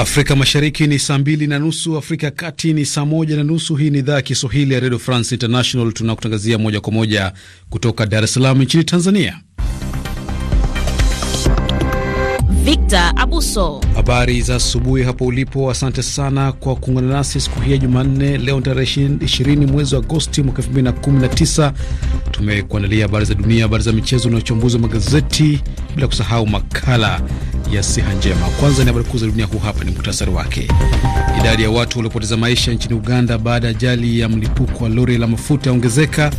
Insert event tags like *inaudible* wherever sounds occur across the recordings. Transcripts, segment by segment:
Afrika Mashariki ni saa mbili na nusu, Afrika ya Kati ni saa moja na nusu. Hii ni idhaa ya Kiswahili ya redio France International, tunakutangazia moja kwa moja kutoka Dar es Salaam nchini Tanzania. Victor Abuso. Habari za asubuhi hapo ulipo, asante sana kwa kuungana nasi siku hii ya Jumanne. Leo tarehe 20 mwezi wa Agosti mwaka 2019, tumekuandalia habari za dunia, habari za michezo na uchambuzi wa magazeti, bila kusahau makala ya siha njema. Kwanza ni habari kuu za dunia, huu hapa ni muhtasari wake. Idadi ya watu waliopoteza maisha nchini Uganda baada ya ajali ya mlipuko wa lori la mafuta yaongezeka.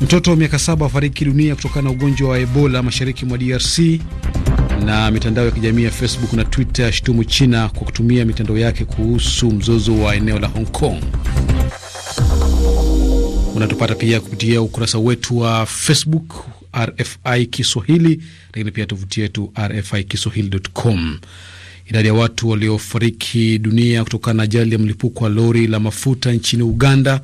Mtoto wa miaka saba afariki dunia kutokana na ugonjwa wa Ebola mashariki mwa DRC na mitandao ya kijamii ya Facebook na Twitter yashutumu China kwa kutumia mitandao yake kuhusu mzozo wa eneo la Hong Kong. Unatupata pia kupitia ukurasa wetu wa Facebook RFI Kiswahili, lakini pia tovuti yetu RFI Kiswahili.com. Idadi ya watu waliofariki dunia kutokana na ajali ya mlipuko wa lori la mafuta nchini Uganda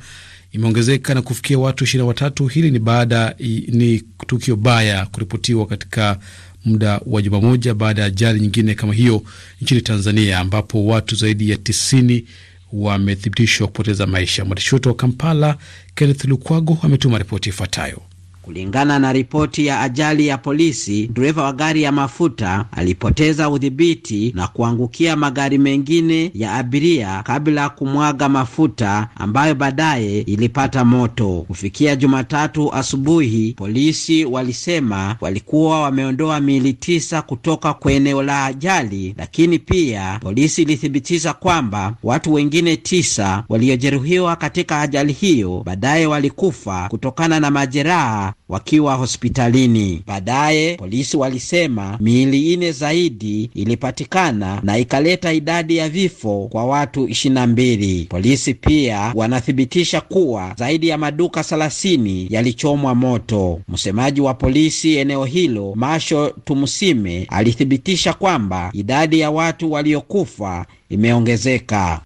imeongezeka na kufikia watu ishirini na watatu. Hili ni baada ni tukio baya kuripotiwa katika muda wa juma moja baada ya ajali nyingine kama hiyo nchini Tanzania, ambapo watu zaidi ya tisini wamethibitishwa kupoteza maisha. Mwandishi wetu wa Kampala, Kenneth Lukwago, ametuma ripoti ifuatayo. Kulingana na ripoti ya ajali ya polisi, dereva wa gari ya mafuta alipoteza udhibiti na kuangukia magari mengine ya abiria kabla ya kumwaga mafuta ambayo baadaye ilipata moto. Kufikia Jumatatu asubuhi, polisi walisema walikuwa wameondoa miili tisa kutoka kwa eneo la ajali, lakini pia polisi ilithibitisha kwamba watu wengine tisa waliojeruhiwa katika ajali hiyo baadaye walikufa kutokana na majeraha wakiwa hospitalini. Baadaye polisi walisema miili ine zaidi ilipatikana na ikaleta idadi ya vifo kwa watu 22. Polisi pia wanathibitisha kuwa zaidi ya maduka 30 yalichomwa moto. Msemaji wa polisi eneo hilo Masho Tumusime alithibitisha kwamba idadi ya watu waliokufa imeongezeka.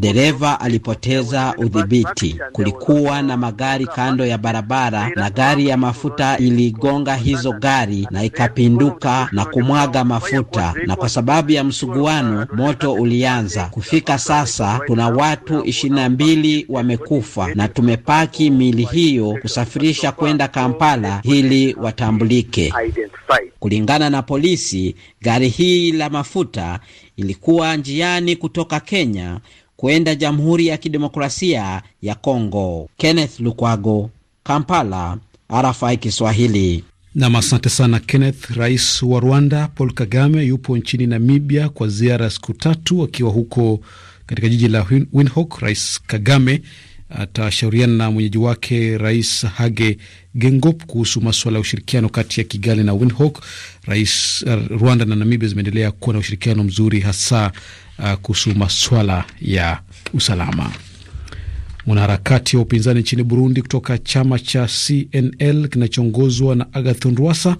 Dereva alipoteza udhibiti. Kulikuwa na magari kando ya barabara na gari ya mafuta iligonga hizo gari na ikapinduka na kumwaga mafuta, na kwa sababu ya msuguano moto ulianza. Kufika sasa kuna watu ishirini na mbili wamekufa na tumepaki miili hiyo kusafirisha kwenda Kampala ili watambulike. Kulingana na polisi, gari hii la mafuta ilikuwa njiani kutoka Kenya kwenda Jamhuri ya Kidemokrasia ya Kongo. Kenneth Lukwago, Kampala, RFI Kiswahili. Nam, asante sana Kenneth. Rais wa Rwanda Paul Kagame yupo nchini Namibia kwa ziara ya siku tatu. Akiwa huko katika jiji la Windhoek, Rais Kagame atashauriana na mwenyeji wake Rais Hage gengop kuhusu maswala ya ushirikiano kati ya Kigali na Windhoek. Rais uh, Rwanda na Namibia zimeendelea kuwa na ushirikiano mzuri hasa uh, kuhusu maswala ya usalama. Mwanaharakati wa upinzani nchini Burundi kutoka chama cha CNL kinachoongozwa na Agathon Rwasa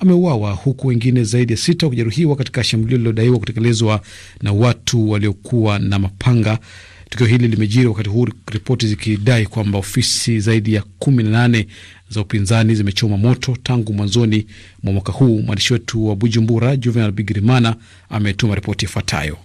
ameuawa huku wengine zaidi ya sita wakijeruhiwa katika shambulio lililodaiwa kutekelezwa na watu waliokuwa na mapanga. Tukio hili limejiri wakati huu ripoti zikidai kwamba ofisi zaidi ya kumi na nane za upinzani zimechoma moto tangu mwanzoni mwa mwaka huu. Mwandishi wetu wa Bujumbura, Juvenal Bigirimana, ametuma ripoti ifuatayo.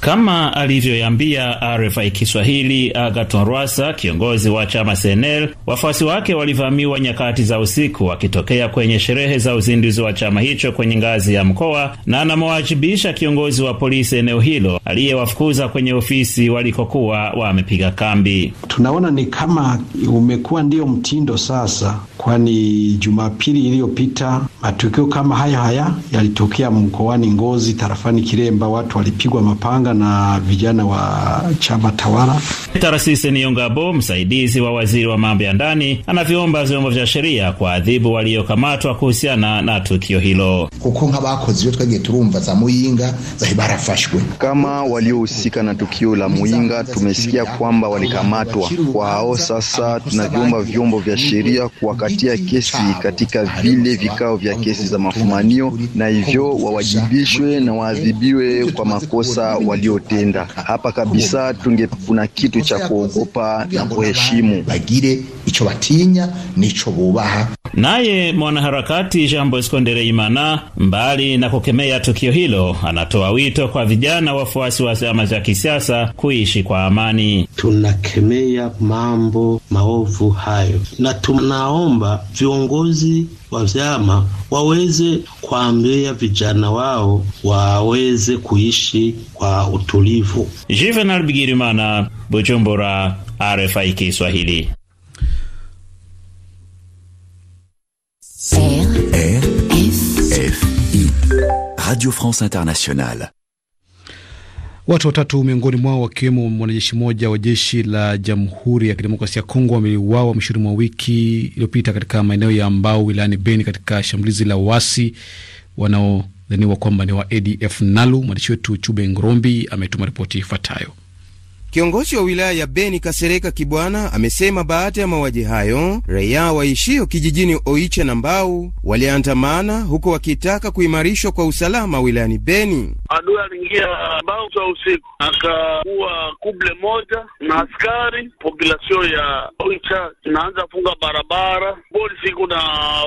Kama alivyoyambia RFI Kiswahili Agaton Rwasa, kiongozi wa chama CNL, wafuasi wake walivamiwa nyakati za usiku wakitokea kwenye sherehe za uzinduzi wa chama hicho kwenye ngazi ya mkoa, na anamewajibisha kiongozi wa polisi eneo hilo aliyewafukuza kwenye ofisi walikokuwa wamepiga kambi. Tunaona ni kama umekuwa ndiyo mtindo sasa, kwani Jumapili iliyopita matukio kama haya haya yalitokea mkoani Ngozi, tarafani Kiremba, watu walipigwa mapanga Uganda na vijana wa chama tawala. Tarasisi Niongabo, msaidizi wa waziri wa mambo ya ndani, anavyoomba vyombo vya sheria kwa adhibu waliokamatwa kuhusiana na tukio hilo. Kama waliohusika na tukio la Muinga tumesikia kwamba walikamatwa kwao. Sasa tunavyomba vyombo vya sheria kuwakatia kesi katika vile vikao vya kesi za mafumanio, na hivyo wawajibishwe na waadhibiwe kwa makosa wali waliotenda hapa kabisa. Tunge kuna kitu cha kuogopa na kuheshimu, bagire icho batinya nicho bubaha. Naye mwanaharakati Jean Bosco Ndereimana, mbali na kukemea tukio hilo, anatoa wito kwa vijana wafuasi wa vyama vya kisiasa kuishi kwa amani. Tunakemea mambo maovu hayo na tunaomba viongozi wa vyama waweze kuambia vijana wao waweze kuishi kwa utulivu. Juvenal Bigirimana, Bujumbura, RFI Kiswahili. I Radio France Internationale. Watu watatu miongoni mwao wakiwemo mwanajeshi mmoja wa jeshi la Jamhuri ya Kidemokrasia ya Kongo wameuawa mwishoni mwa wiki iliyopita katika maeneo ya Mbao wilayani Beni katika shambulizi la wasi wanaodhaniwa kwamba ni wa ADF NALU. Mwandishi wetu Chube Ngrombi ametuma ripoti ifuatayo. Kiongozi wa wilaya ya Beni Kasereka Kibwana amesema baada ya mauaji hayo raia waishio kijijini Oicha na Mbau waliandamana huko wakitaka kuimarishwa kwa usalama wilayani Beni huyo aliingia Bauza usiku akakuwa kuble moja na askari. Populasio ya Oicha inaanza funga barabara, siku na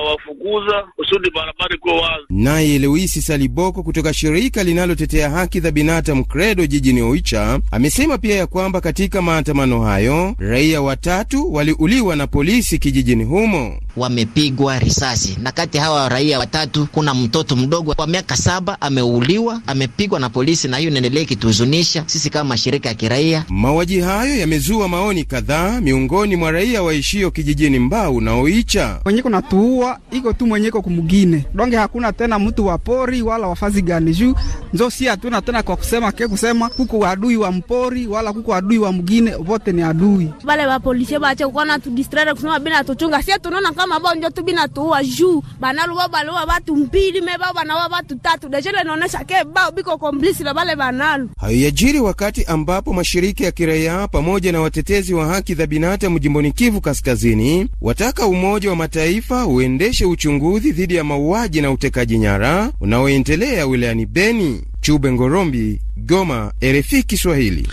wafukuza kusudi barabara ikuwe wazi. Naye Lewisi Saliboko kutoka shirika linalotetea haki za binadamu Credo jijini Oicha amesema pia ya kwamba katika maandamano hayo raia watatu waliuliwa na polisi kijijini humo, wamepigwa risasi, na kati hawa raia watatu kuna mtoto mdogo wa miaka saba ameuliwa, amepigwa na polisi, na hiyo inaendelea ikituhuzunisha sisi kama mashirika ya kiraia. Mauaji hayo yamezua maoni kadhaa miongoni mwa raia waishio kijijini Mbau na Oicha. Mwenye kunatuua iko tu mwenyeko kumugine donge, hakuna tena mtu wa pori wala wafazi gani juu nzo, si hatuna tena kwa kusema ke kusema kuko adui wa mpori wala kuko adui wa mugine, wote ni adui bale ba polisi bache kukona tu distraire kusema bina tuchunga sie, tunaona kama bao njo tu bina tuua juu banalu bao balo watu mbili mebao banawa watu tatu dejele inaonesha ke bao biko kwa komplisi babale banalo. Haiyajiri wakati ambapo mashirika ya kiraia pamoja na watetezi wa haki za binadamu jimboni Kivu Kaskazini wataka Umoja wa Mataifa uendeshe uchunguzi dhidi ya mauaji na utekaji nyara unaoendelea wilayani Beni. Chube Ngorombi, Goma, RFI Kiswahili.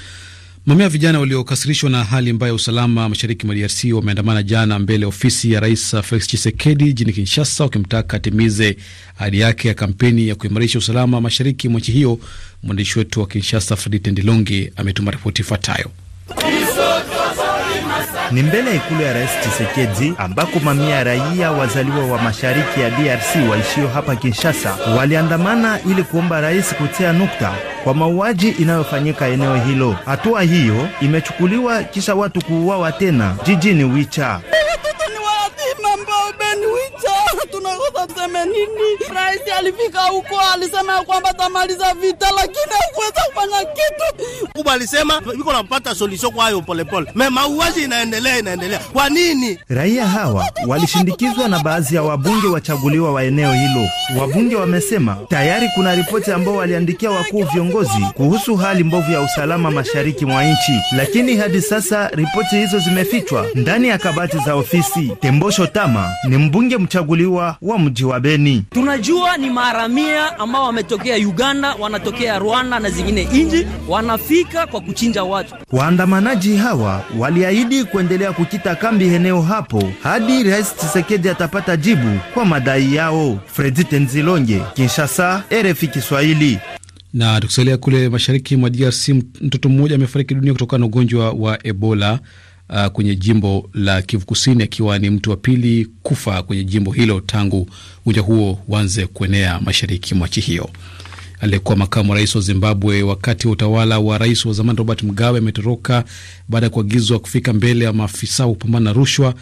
Mamia vijana waliokasirishwa na hali mbaya ya usalama mashariki mwa DRC wameandamana jana mbele ofisi ya rais Felix Tshisekedi jijini Kinshasa, wakimtaka atimize ahadi yake ya kampeni ya kuimarisha usalama mashariki mwa nchi hiyo. Mwandishi wetu wa Kinshasa Fredi Tendilongi, ametuma ripoti ifuatayo ni mbele ya ikulu ya Rais Tshisekedi ambako mamia ya raia wazaliwa wa mashariki ya DRC waishio hapa Kinshasa waliandamana ili kuomba rais kutia nukta kwa mauaji inayofanyika eneo hilo. Hatua hiyo imechukuliwa kisha watu kuuawa tena jijini Wicha tunakosa tuseme nini? Rais alifika huko alisema kwamba tamaliza vita, lakini hakuweza kufanya kitu. kubwa. alisema iko napata solution kwa hayo polepole, me mauaji inaendelea inaendelea. Kwa nini? Raia hawa walishindikizwa na baadhi ya wabunge wachaguliwa wa eneo hilo. Wabunge wamesema tayari kuna ripoti ambao waliandikia wakuu viongozi kuhusu hali mbovu ya usalama mashariki mwa nchi, lakini hadi sasa ripoti hizo zimefichwa ndani ya kabati za ofisi. Tembosho Tama ni mbunge mchaguliwa wa mji wa Beni. Tunajua ni maharamia ambao wametokea Uganda, wanatokea Rwanda na zingine nji wanafika kwa kuchinja watu. Waandamanaji hawa waliahidi kuendelea kukita kambi eneo hapo hadi Rais Tshisekedi atapata jibu kwa madai yao. Fredi Tenzilonge, Kinshasa, RFI Kiswahili. Na tukisalia kule mashariki mwa DRC, mtoto mmoja amefariki dunia kutokana na ugonjwa wa Ebola uh, kwenye jimbo la Kivu Kusini, akiwa ni mtu wa pili kufa kwenye jimbo hilo tangu ugonjwa huo uanze kuenea mashariki mwa nchi hiyo. Aliyekuwa makamu wa rais wa Zimbabwe wakati wa utawala wa rais wa zamani Robert Mugabe ametoroka baada ya kuagizwa kufika mbele ya maafisa wa kupambana na rushwa.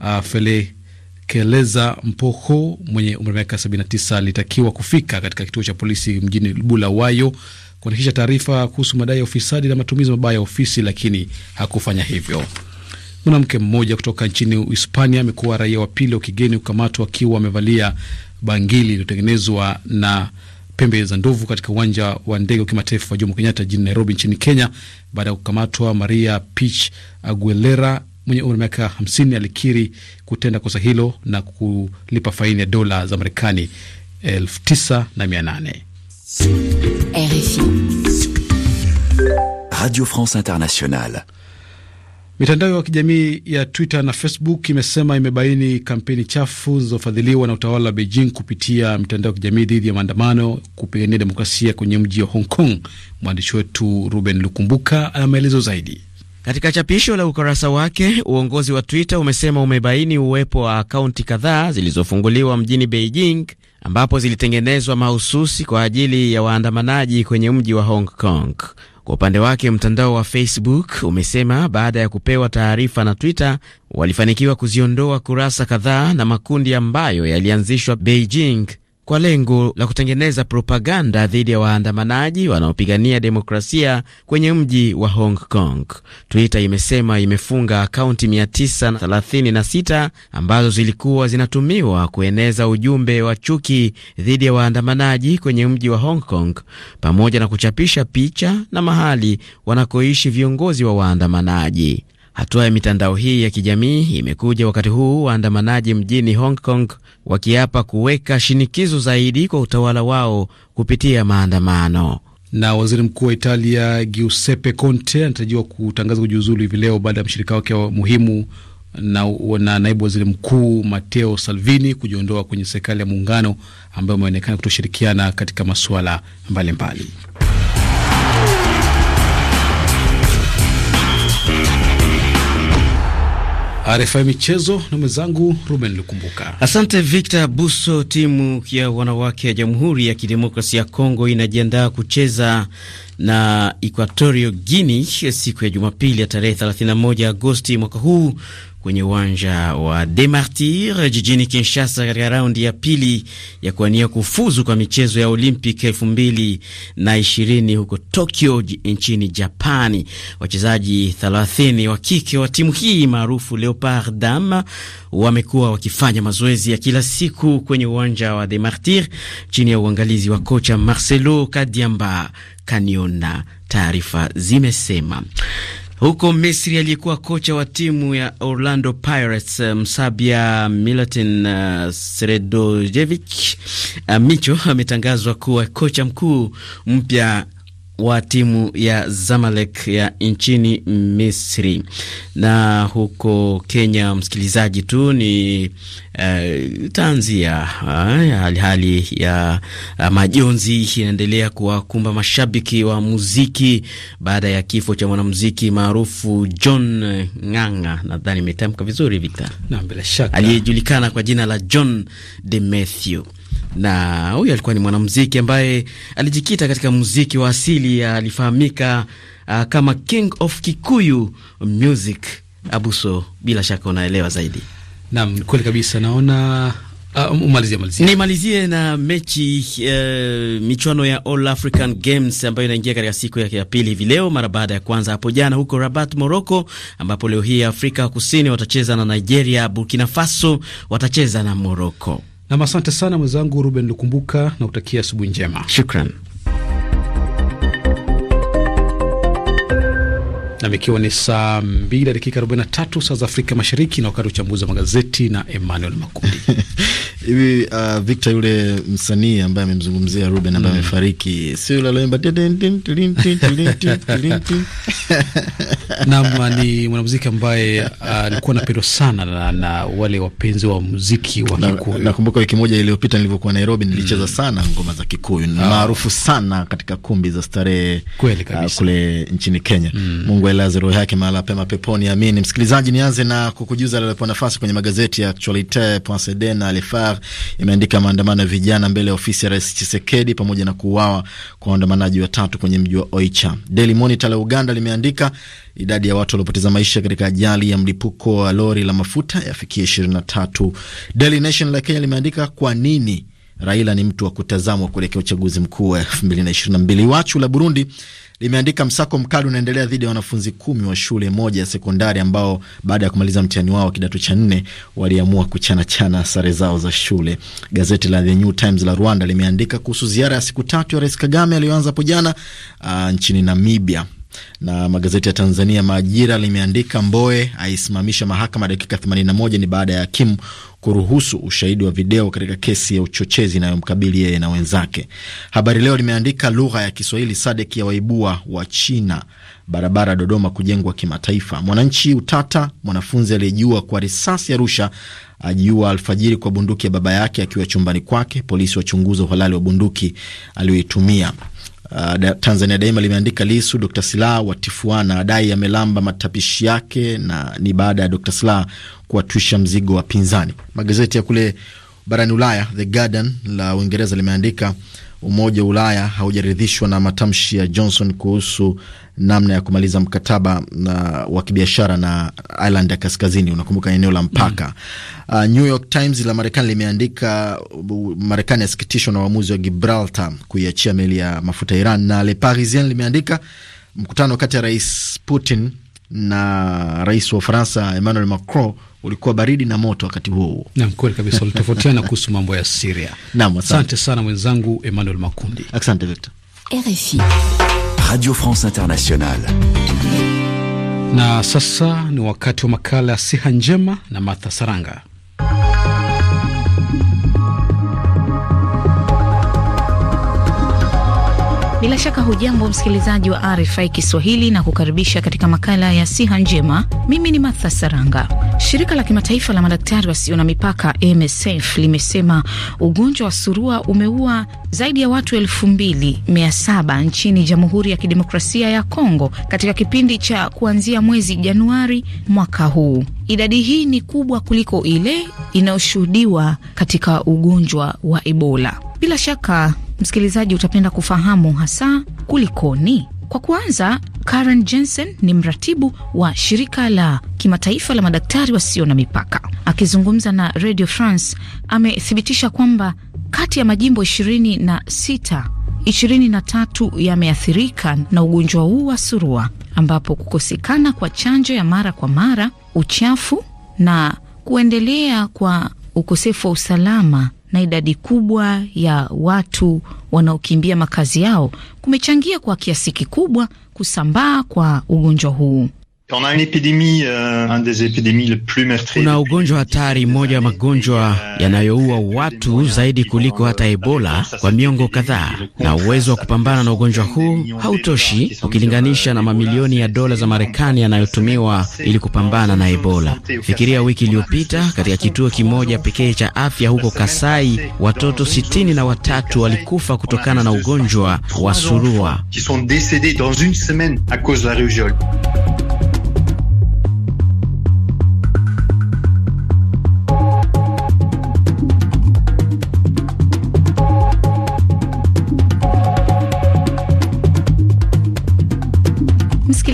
Uh, Felekeleza Mpoho mwenye umri wa miaka 79 alitakiwa kufika katika kituo cha polisi mjini Bulawayo kuandikisha taarifa kuhusu madai ya ufisadi na matumizi mabaya ya ofisi, lakini hakufanya hivyo. Mwanamke mmoja kutoka nchini Uhispania amekuwa raia wa pili wa kigeni kukamatwa akiwa amevalia bangili iliyotengenezwa na pembe za ndovu katika uwanja wa ndege wa kimataifa wa Jomo Kenyatta jijini Nairobi nchini Kenya baada ya kukamatwa. Maria Pich Aguilera mwenye umri wa miaka 50 alikiri kutenda kosa hilo na kulipa faini ya dola za Marekani 9800. Radio France Internationale Mitandao ya kijamii ya Twitter na Facebook imesema imebaini kampeni chafu zilizofadhiliwa na utawala wa Beijing kupitia mitandao ya kijamii dhidi ya maandamano kupigania demokrasia kwenye mji wa Hong Kong. Mwandishi wetu Ruben Lukumbuka ana maelezo zaidi. Katika chapisho la ukurasa wake, uongozi wa Twitter umesema umebaini uwepo wa akaunti kadhaa zilizofunguliwa mjini Beijing ambapo zilitengenezwa mahususi kwa ajili ya waandamanaji kwenye mji wa Hong Kong. Kwa upande wake mtandao wa Facebook umesema baada ya kupewa taarifa na Twitter walifanikiwa kuziondoa kurasa kadhaa na makundi ambayo yalianzishwa Beijing kwa lengo la kutengeneza propaganda dhidi ya waandamanaji wanaopigania demokrasia kwenye mji wa Hong Kong. Twitter imesema imefunga akaunti 936 ambazo zilikuwa zinatumiwa kueneza ujumbe wa chuki dhidi ya waandamanaji kwenye mji wa Hong Kong, pamoja na kuchapisha picha na mahali wanakoishi viongozi wa waandamanaji. Hatua ya mitandao hii ya kijamii imekuja wakati huu waandamanaji mjini Hong Kong wakiapa kuweka shinikizo zaidi kwa utawala wao kupitia maandamano. Na waziri mkuu wa Italia Giuseppe Conte anatarajiwa kutangaza kujiuzulu hivi leo baada ya mshirika wake wa muhimu na, na naibu waziri mkuu Matteo Salvini kujiondoa kwenye serikali ya muungano ambayo ameonekana kutoshirikiana katika masuala mbalimbali. RFI Michezo na mwenzangu Ruben Lukumbuka. Asante Victor Buso. Timu ya wanawake ya Jamhuri ya Kidemokrasia ya Kongo inajiandaa kucheza na Equatorio Guini siku ya Jumapili ya tarehe 31 Agosti mwaka huu kwenye uwanja wa De Martir jijini Kinshasa, katika raundi ya pili ya kuania kufuzu kwa michezo ya Olympic elfu mbili na ishirini huko Tokyo nchini Japani. Wachezaji 30 wa kike wa timu hii maarufu Leopard Dam wamekuwa wakifanya mazoezi ya kila siku kwenye uwanja wa De Martir chini ya uangalizi wa kocha Marcelo Kadiamba Kaniona, taarifa zimesema. Huko Misri, aliyekuwa kocha wa timu ya Orlando Pirates eh, Msabia Milutin uh, eh, Sredojevic uh, eh, Micho ametangazwa kuwa kocha mkuu mpya wa timu ya Zamalek ya nchini Misri. Na huko Kenya, msikilizaji tu ni eh, tanzia eh, hali hali ya uh, majonzi inaendelea kuwakumba mashabiki wa muziki baada ya kifo cha mwanamuziki maarufu John Ng'ang'a, nadhani imetamka vizuri Victor, na bila shaka aliyejulikana kwa jina la John de Matthew na huyu alikuwa ni mwanamuziki ambaye alijikita katika muziki wa asili. Alifahamika uh, kama King of Kikuyu Music. Abuso, bila shaka unaelewa zaidi. Naam, kweli kabisa. Naona Uh, umalizie, umalizie. Nimalizie na mechi uh, michuano ya All African Games ambayo inaingia katika siku yake ya pili hivi leo mara baada ya kwanza hapo jana huko Rabat, Morocco, ambapo leo hii Afrika Kusini watacheza na Nigeria, Burkina Faso watacheza na Morocco. Nam, asante sana mwenzangu Ruben Lukumbuka na kutakia asubuhi njema. Shukran. Nam, ikiwa ni saa 2 dakika 43 saa za Afrika Mashariki, na wakati uchambuzi wa magazeti na Emmanuel Makundi. *laughs* hivi uh, Victor yule msanii ambaye amemzungumzia Ruben ambaye amefariki mm. sio yule aliyeimba nam, ni mwanamuziki ambaye alikuwa uh, anapendwa sana na, na wale wapenzi wa muziki wa Kikuyu. Nakumbuka na wiki moja iliyopita nilivyokuwa Nairobi nilicheza mm. sana ngoma za Kikuyu maarufu sana katika kumbi za starehe uh, kule nchini Kenya mm. Mungu ailaze roho yake mahala pema peponi, amini. Msikilizaji, nianze na kukujuza lalopo nafasi kwenye magazeti ya Actualite, Actualite.cd na Lefa Qatar imeandika maandamano ya vijana mbele ya ofisi ya Rais chisekedi pamoja na kuuawa kwa waandamanaji watatu kwenye mji wa Oicha. Daily Monitor la Uganda limeandika idadi ya watu waliopoteza maisha katika ajali ya mlipuko wa lori la mafuta yafikia 23. Daily Nation la Kenya limeandika kwa nini Raila ni mtu wa kutazamwa kuelekea uchaguzi mkuu wa 2022. Wachu la Burundi limeandika msako mkali unaendelea dhidi ya wanafunzi kumi wa shule moja ya sekondari ambao baada ya kumaliza mtihani wao wa kidato cha nne waliamua kuchanachana sare zao za shule. Gazeti la The New Times la Rwanda limeandika kuhusu ziara ya siku tatu ya Rais Kagame aliyoanza hapo jana uh, nchini Namibia na magazeti ya Tanzania Majira limeandika Mboe aisimamisha mahakama dakika 81 ni baada ya hakimu kuruhusu ushahidi wa video katika kesi ya uchochezi inayomkabili yeye na wenzake. Habari Leo limeandika lugha ya Kiswahili Sadek ya waibua wa China, barabara Dodoma kujengwa kimataifa. Mwananchi utata, mwanafunzi aliyejiua kwa risasi ya rusha ajiua alfajiri kwa bunduki ya baba yake akiwa chumbani kwake. Polisi wachunguza uhalali wa bunduki aliyoitumia. Uh, Tanzania Daima limeandika Lisu, Dr sila watifuana, adai amelamba matapishi yake, na ni baada ya Dr Slaa kuwatwisha mzigo wa pinzani Magazeti ya kule barani Ulaya, The Guardian la Uingereza limeandika Umoja wa Ulaya haujaridhishwa na matamshi ya Johnson kuhusu namna ya kumaliza mkataba uh, wa kibiashara na Ireland ya Kaskazini. Unakumbuka eneo la mpaka mm. uh, New York Times la Marekani limeandika uh, Marekani yasikitishwa na uamuzi wa Gibraltar kuiachia meli ya mafuta Iran, na Le Parisien limeandika mkutano kati ya Rais Putin na rais wa Ufaransa Emmanuel Macron ulikuwa baridi na moto wakati huo huo. Naam, kweli kabisa, walitofautiana *laughs* kuhusu mambo ya Syria. Naam, asante sana mwenzangu Emmanuel Makundi. Asante Victor. RFI Radio France Internationale. Na sasa ni wakati wa makala ya siha njema na Martha Saranga. Bila shaka hujambo msikilizaji wa RFI Kiswahili na kukaribisha katika makala ya siha njema. Mimi ni Martha Saranga. Shirika la kimataifa la madaktari wasio na mipaka MSF limesema ugonjwa wa surua umeua zaidi ya watu elfu mbili mia saba nchini Jamhuri ya Kidemokrasia ya Kongo katika kipindi cha kuanzia mwezi Januari mwaka huu. Idadi hii ni kubwa kuliko ile inayoshuhudiwa katika ugonjwa wa Ebola. Bila shaka msikilizaji, utapenda kufahamu hasa kulikoni. Kwa kuanza, Karen Jensen ni mratibu wa shirika la kimataifa la madaktari wasio na mipaka. Akizungumza na Radio France, amethibitisha kwamba kati ya majimbo ishirini na sita ishirini na tatu yameathirika na ugonjwa huu wa surua, ambapo kukosekana kwa chanjo ya mara kwa mara, uchafu na kuendelea kwa ukosefu wa usalama na idadi kubwa ya watu wanaokimbia makazi yao kumechangia kwa kiasi kikubwa kusambaa kwa ugonjwa huu. Euh, Kuna ugonjwa hatari, moja ya magonjwa euh, yanayoua watu zaidi kuliko hata euh, Ebola kwa miongo kadhaa, na uwezo wa kupambana na ugonjwa huu hautoshi ukilinganisha na mamilioni ya dola za Marekani yanayotumiwa ili kupambana na Ebola. Fikiria, wiki iliyopita katika kituo kimoja pekee cha afya huko Kasai, watoto sitini na watatu walikufa kutokana na ugonjwa wa surua.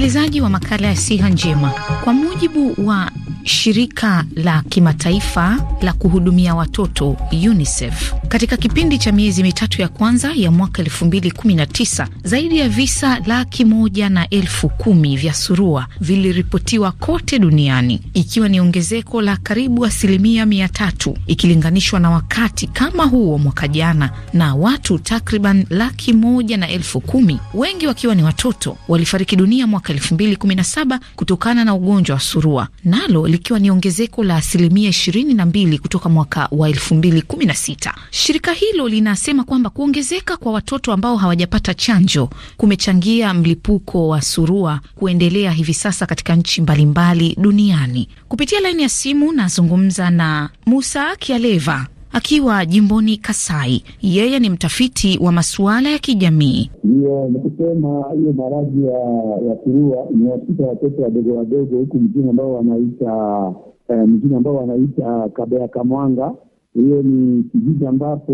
msikilizaji wa makala ya siha njema. Kwa mujibu wa shirika la kimataifa la kuhudumia watoto UNICEF. Katika kipindi cha miezi mitatu ya kwanza ya mwaka 2019 zaidi ya visa laki moja na elfu kumi vya surua viliripotiwa kote duniani, ikiwa ni ongezeko la karibu asilimia mia tatu ikilinganishwa na wakati kama huo mwaka jana, na watu takriban laki moja na elfu kumi wengi wakiwa ni watoto walifariki dunia mwaka 2017 kutokana na ugonjwa wa surua nalo likiwa ni ongezeko la asilimia 22 kutoka mwaka wa 2016. Shirika hilo linasema kwamba kuongezeka kwa watoto ambao hawajapata chanjo kumechangia mlipuko wa surua kuendelea hivi sasa katika nchi mbalimbali duniani. Kupitia laini ya simu nazungumza na Musa Kialeva akiwa jimboni Kasai. Yeye ni mtafiti wa masuala ya kijamii. Ndiyo, ni kusema hiyo maradhi ya surua imewapita watoto wadogo wadogo huku mjini ambao wanaita eh, mjini ambao wanaita Kabea Kamwanga. Hiyo ni kijiji ambapo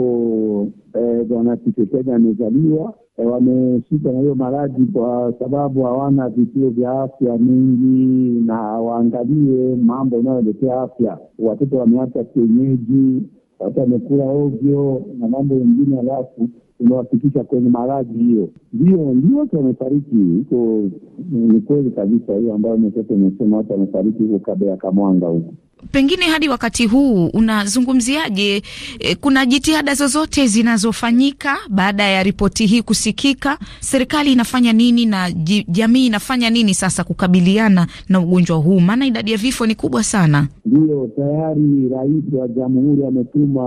eh, bwana eh, Tshisekedi amezaliwa. Eh, wameshika na hiyo maradhi kwa sababu hawana vituo vya afya mingi, na waangalie mambo inayoletea afya. Watoto wameacha kienyeji watu wamekula ovyo na mambo mengine, halafu umewafikisha kwenye maradhi hiyo. Ndio, ndio watu wamefariki huko, ni kweli kabisa hiyo ambayo umetoka umesema, watu wamefariki huko Kabea Kamwanga huko. Pengine hadi wakati huu unazungumziaje? E, kuna jitihada zozote zinazofanyika baada ya ripoti hii kusikika? Serikali inafanya nini na jamii inafanya nini sasa kukabiliana na ugonjwa huu, maana idadi ya vifo ni kubwa sana? Ndiyo, tayari rais wa jamhuri ametuma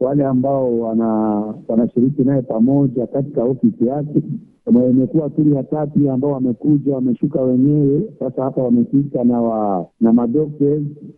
wale ambao wanashiriki wana naye pamoja katika ofisi yake. Imekuwa turi ya tatu ambao wamekuja wameshuka wenyewe, sasa hapa wamefika na wa, na madokta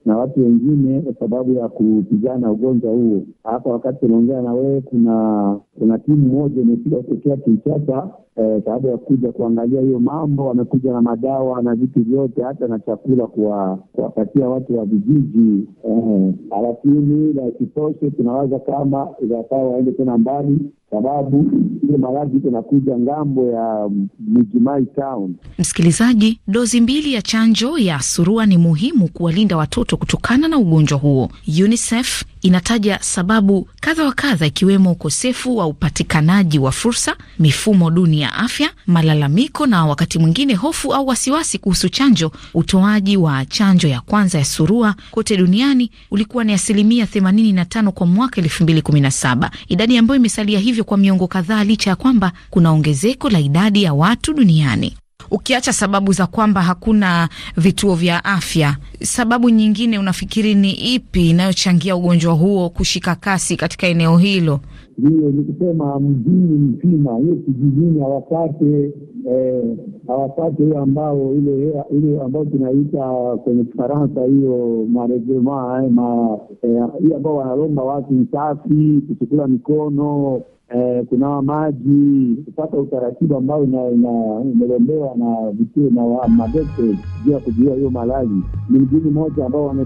na watu wengine, kwa sababu ya kupigana na ugonjwa huo. Hapa wakati tunaongea na wewe, kuna kuna timu moja imefika kutokea Kinshasa eh, sababu ya kuja kuangalia hiyo mambo. Wamekuja na madawa na vitu vyote, hata na chakula kuwapatia watu wa vijiji eh, lakini la kitoshe tunawaza kama itakaa waende tena mbali sababu ile maradhi iko nakuja ngambo ya Mijimai town. Msikilizaji, dozi mbili ya chanjo ya surua ni muhimu kuwalinda watoto kutokana na ugonjwa huo. UNICEF inataja sababu kadha wa kadha ikiwemo ukosefu wa upatikanaji wa fursa, mifumo duni ya afya, malalamiko na wakati mwingine hofu au wasiwasi kuhusu chanjo. Utoaji wa chanjo ya kwanza ya surua kote duniani ulikuwa ni asilimia 85 kwa mwaka 2017, idadi ambayo imesalia hivi hivyo kwa miongo kadhaa, licha ya kwamba kuna ongezeko la idadi ya watu duniani. Ukiacha sababu za kwamba hakuna vituo vya afya, sababu nyingine unafikiri ni ipi inayochangia ugonjwa huo kushika kasi katika eneo hilo? Ndiyo, ni kusema mjini mzima, hiyo kijijini hawapate eh, hawapate hiyo ambao ile ile ambao tunaita kwenye Kifaransa hiyo mareglement eh, eh, hiyo ambao wanalomba watu usafi, kuchukula mikono eh, kunawa maji, kupata utaratibu ambao imelombewa na vituo na madete juu ya kujua hiyo malali. Ni mjini moja ambao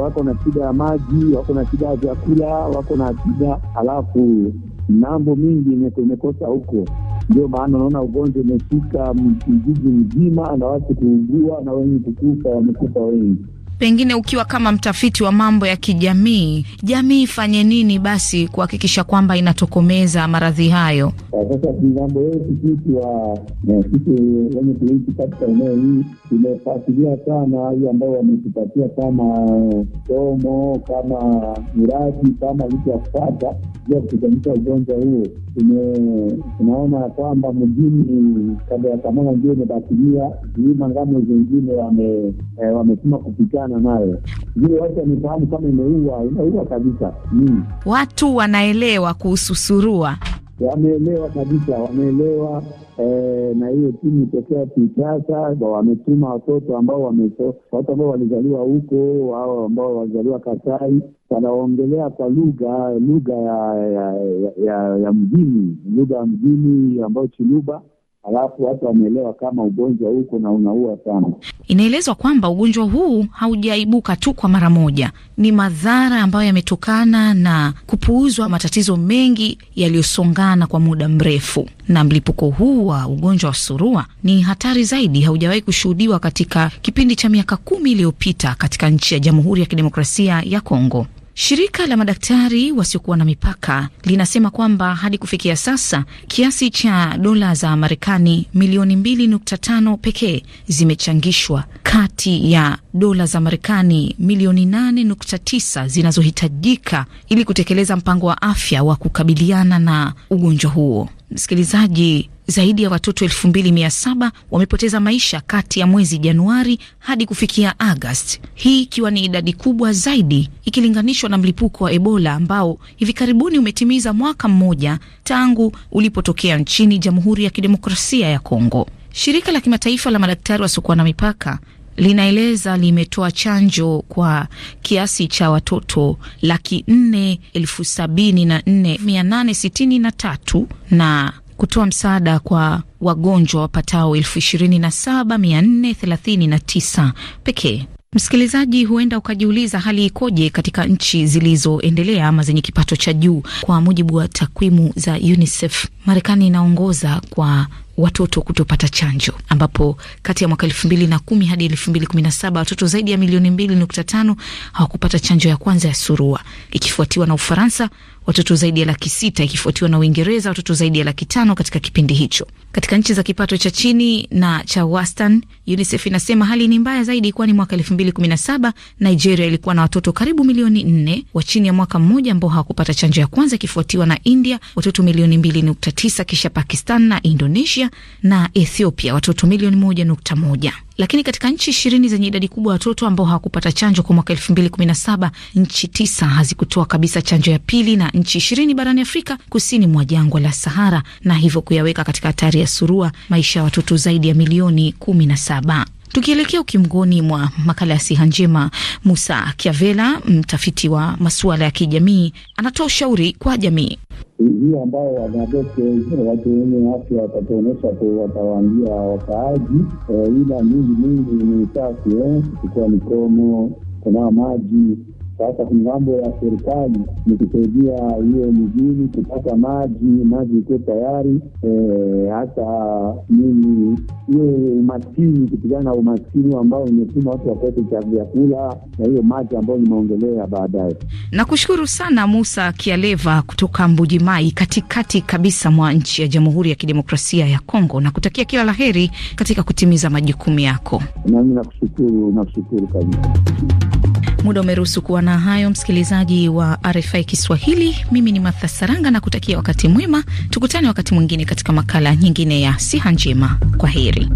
wako na shida ya maji, wako na shida ya vyakula, wako na shida halafu mambo mingi imekosa huko. Ndio maana unaona ugonjwa umefika mjiji mzima na watu kuugua na wengi kukufa, wamekufa wengi. Pengine ukiwa kama mtafiti wa mambo ya kijamii, jamii ifanye nini basi kuhakikisha kwamba inatokomeza maradhi hayo? Sasa mambo yetu sisi wa eh, sisi wenye kuishi katika eneo hii tumefuatilia sana wale ambayo wametupatia kama somo, eh, kama miradi, kama vitu ya kupata kufuatilia kupiganisha ugonjwa huo, tunaona ya kwamba mjini kabla ya Kamana ndio imebakilia vilima, ngamo zingine wametuma eh, kupigana nayo. Vile watu wamefahamu kama imeua, inaua kabisa. Mm. Watu wanaelewa kuhusu surua wameelewa kabisa, wameelewa eh, na hiyo timu tokea Kinshasa wametuma watoto ambao wameso, watu ambao walizaliwa huko au ambao walizaliwa Kasai, wanaongelea kwa lugha lugha ya ya, ya, ya, ya mjini lugha ya mjini ambayo Chiluba halafu watu wameelewa kama ugonjwa huko na unaua sana. Inaelezwa kwamba ugonjwa huu haujaibuka tu kwa mara moja, ni madhara ambayo yametokana na kupuuzwa matatizo mengi yaliyosongana kwa muda mrefu, na mlipuko huu wa ugonjwa wa surua ni hatari zaidi, haujawahi kushuhudiwa katika kipindi cha miaka kumi iliyopita katika nchi ya Jamhuri ya Kidemokrasia ya Kongo. Shirika la madaktari wasiokuwa na mipaka linasema kwamba hadi kufikia sasa kiasi cha dola za Marekani milioni 2.5 pekee zimechangishwa kati ya dola za Marekani milioni 8.9 zinazohitajika ili kutekeleza mpango wa afya wa kukabiliana na ugonjwa huo. Msikilizaji, zaidi ya watoto elfu mbili mia saba wamepoteza maisha kati ya mwezi Januari hadi kufikia Agasti, hii ikiwa ni idadi kubwa zaidi ikilinganishwa na mlipuko wa Ebola ambao hivi karibuni umetimiza mwaka mmoja tangu ulipotokea nchini Jamhuri ya Kidemokrasia ya Kongo. Shirika la kimataifa la madaktari wasiokuwa na mipaka linaeleza limetoa chanjo kwa kiasi cha watoto laki nne elfu sabini na nne mia nane sitini na tatu na kutoa msaada kwa wagonjwa wapatao elfu ishirini na saba mia nne thelathini na tisa pekee. Msikilizaji, huenda ukajiuliza hali ikoje katika nchi zilizoendelea ama zenye kipato cha juu. Kwa mujibu wa takwimu za UNICEF, Marekani inaongoza kwa watoto kutopata chanjo, ambapo kati ya mwaka elfu mbili na kumi hadi elfu mbili kumi na saba watoto zaidi ya milioni mbili nukta tano hawakupata chanjo ya kwanza ya surua, ikifuatiwa na Ufaransa watoto zaidi ya laki sita ikifuatiwa na Uingereza watoto zaidi ya laki tano katika kipindi hicho. Katika nchi za kipato cha chini na cha wastan UNICEF inasema hali ni mbaya zaidi, kwani mwaka elfu mbili kumi na saba Nigeria ilikuwa na watoto karibu milioni nne wa chini ya mwaka mmoja ambao hawakupata chanjo ya kwanza, ikifuatiwa na India watoto milioni mbili nukta tisa kisha Pakistan na Indonesia na Ethiopia watoto milioni moja nukta moja. Lakini katika nchi ishirini zenye idadi kubwa ya watoto ambao hawakupata chanjo kwa mwaka elfu mbili kumi na saba nchi tisa hazikutoa kabisa chanjo ya pili na nchi ishirini barani Afrika kusini mwa jangwa la Sahara na hivyo kuyaweka katika hatari ya surua maisha ya watoto zaidi ya milioni kumi na saba. Tukielekea ukimgoni mwa makala ya siha njema, Musa Kiavela, mtafiti wa masuala ya kijamii, anatoa ushauri kwa jamii hiyo ambayo wanadoke wengine watu wenye afya watatuonyesha tu, watawaambia wakaaji, eh, ila mingi mingi ni safi, kuchukua mikono, kunawa maji sasa ngambo ya serikali ni kusaidia hiyo mijini kupata maji, maji ikiwe tayari. Eh, hata mimi hiyo umaskini, kupigana na umaskini ambao imetuma watu wakose cha vyakula na hiyo maji ambayo nimeongelea baadaye. Nakushukuru sana Musa Kialeva kutoka mbuji mai katikati kabisa mwa nchi ya Jamhuri ya Kidemokrasia ya Kongo, na kutakia kila laheri katika kutimiza majukumu yako. Nami nakushukuru, nakushukuru kabisa. Muda umeruhusu kuwa na hayo, msikilizaji wa RFI Kiswahili. Mimi ni Martha Saranga na kutakia wakati mwema. Tukutane wakati mwingine katika makala nyingine ya siha njema. Kwa heri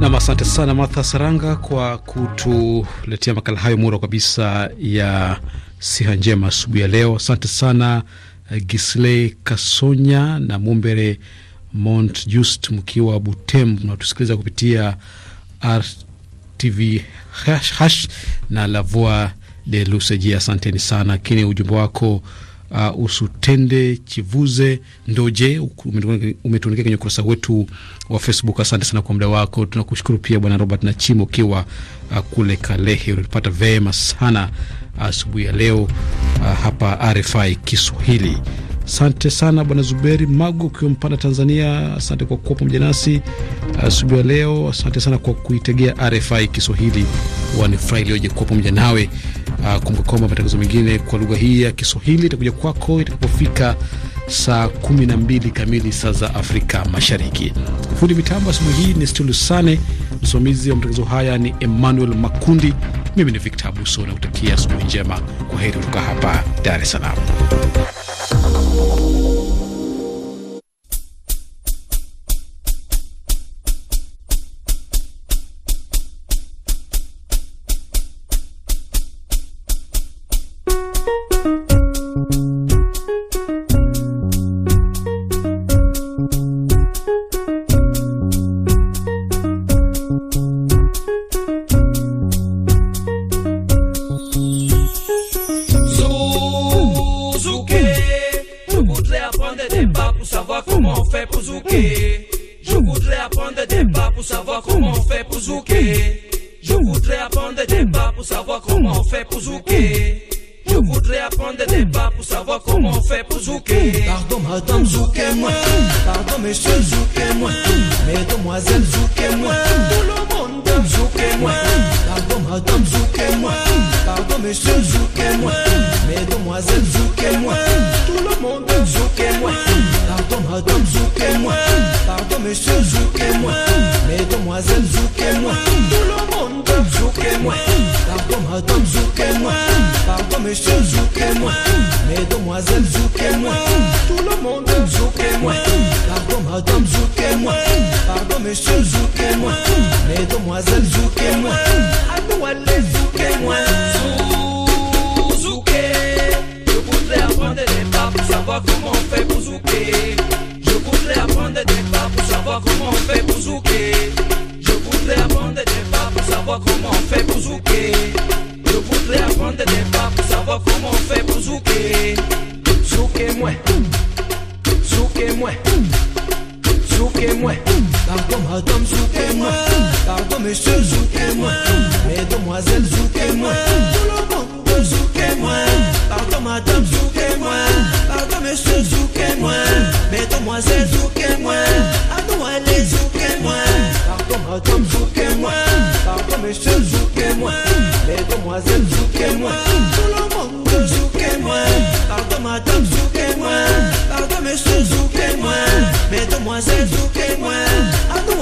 nam. Asante sana Martha Saranga kwa kutuletea makala hayo mura kabisa ya siha njema asubuhi ya leo. Asante sana eh, Gisley Kasonya na Mumbere Mont Just mkiwa Butembo mnatusikiliza kupitia RTV hash, hash na lavoa de luseji. Asanteni sana, lakini ujumbe wako uh, usutende chivuze ndoje umetuandikia kwenye ukurasa wetu wa Facebook. Asante sana kwa muda wako, tunakushukuru pia Bwana Robert Nachimo ukiwa uh, kule Kalehe, ulipata vema sana uh, asubuhi uh, ya leo uh, hapa RFI Kiswahili. Asante sana Bwana Zuberi Magu ukiwa Mpanda, Tanzania. Asante kwa kuwa pamoja nasi asubuhi ya leo. Asante sana kwa kuitegea RFI Kiswahili. Wanifurahi ilioje kuwa pamoja nawe. Ah, kumbuka kwamba matangazo mengine kwa lugha hii ya Kiswahili itakuja kwako itakapofika saa mbili kamili saa za Afrika Mashariki. Fundi mitambo asubuhi hii ni Stulusane, msimamizi wa matangazo haya ni Emmanuel Makundi. Mimi ni Victor Abuso na utakia asubuhi njema. Kwa heri kutoka hapa Dar es Salaam. mademoiselle Zouké moi, tout le monde Zouké moi, pardon madame Zouké moi, pardon monsieur Zouké moi, mesdemoiselles Zouké moi, à nous allez Zouké moi. Zouké, je voudrais apprendre des pas pour savoir comment on fait pour Zouké. Je voudrais apprendre des pas pour savoir comment on fait pour Zouké. Je voudrais apprendre des pas pour savoir comment on fait pour Zouké. Je voudrais apprendre des pas pour savoir comment on fait pour Zouké. Madame Zoukémoin, pardon monsieur Zoukémoin, mesdemoiselles Zoukémoin, tout le monde Zoukémoin, pardon Madame Zoukémoin, pardon monsieur Zoukémoin, mesdemoiselles Zoukémoin, à nous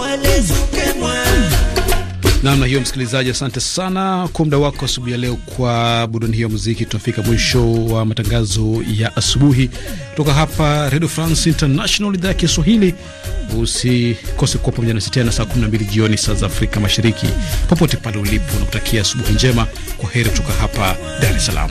Namna hiyo, msikilizaji, asante sana kwa muda wako asubuhi ya leo. Kwa burudani hiyo muziki, tunafika mwisho wa matangazo ya asubuhi kutoka hapa Radio France International, idhaa ya Kiswahili. Usikose kuwa pamoja nasi tena saa 12 jioni saa za Afrika Mashariki. Popote pale ulipo, nakutakia asubuhi njema. Kwa heri kutoka hapa Dar es Salaam.